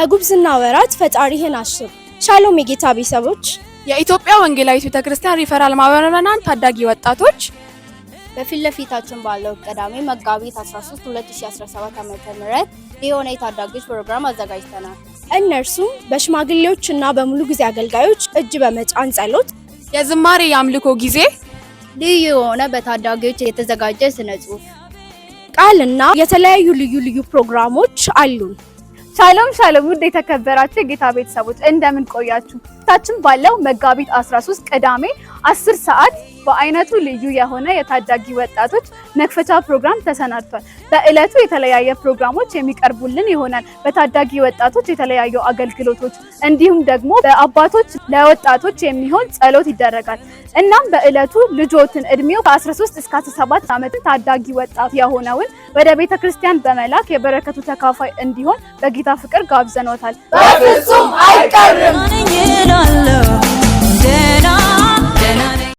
በጉብዝና ወራት ፈጣሪህን አስብ። ሻሎም የጌታ ቤተሰቦች፣ የኢትዮጵያ ወንጌላዊት ቤተክርስቲያን ሪፈራል ማህበረናን ታዳጊ ወጣቶች በፊት ለፊታችን ባለው ቅዳሜ መጋቢት 13 2017 ም የሆነ የታዳጊዎች ፕሮግራም አዘጋጅተናል። እነርሱም በሽማግሌዎች እና በሙሉ ጊዜ አገልጋዮች እጅ በመጫን ጸሎት፣ የዝማሬ የአምልኮ ጊዜ፣ ልዩ የሆነ በታዳጊዎች የተዘጋጀ ስነ ጽሁፍ፣ ቃልና የተለያዩ ልዩ ልዩ ፕሮግራሞች አሉን። ሻሎም ሻሎም ውድ የተከበራችሁ የጌታ ቤተሰቦች እንደምን ቆያችሁ? ታችን ባለው መጋቢት 13 ቅዳሜ 10 ሰዓት በአይነቱ ልዩ የሆነ የታዳጊ ወጣቶች መክፈቻ ፕሮግራም ተሰናድቷል። በእለቱ የተለያየ ፕሮግራሞች የሚቀርቡልን ይሆናል። በታዳጊ ወጣቶች የተለያዩ አገልግሎቶች እንዲሁም ደግሞ በአባቶች ለወጣቶች የሚሆን ጸሎት ይደረጋል። እናም በእለቱ ልጆትን እድሜው ከ13 እስከ 17 ዓመት ታዳጊ ወጣት የሆነውን ወደ ቤተ ክርስቲያን በመላክ የበረከቱ ተካፋይ እንዲሆን በጌታ ፍቅር ጋብዘኖታል። በፍጹም አይቀርም።